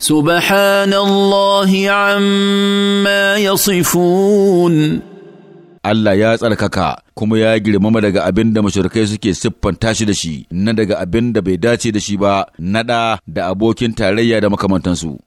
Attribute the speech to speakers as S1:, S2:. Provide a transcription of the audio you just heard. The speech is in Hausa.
S1: سبحان الله عما يصفون Allah ya tsarkaka kuma ya girmama daga abin da mashirkai suke siffanta shi da shi, na daga abin da bai dace da shi ba, naɗa da abokin tarayya da
S2: makamantansu.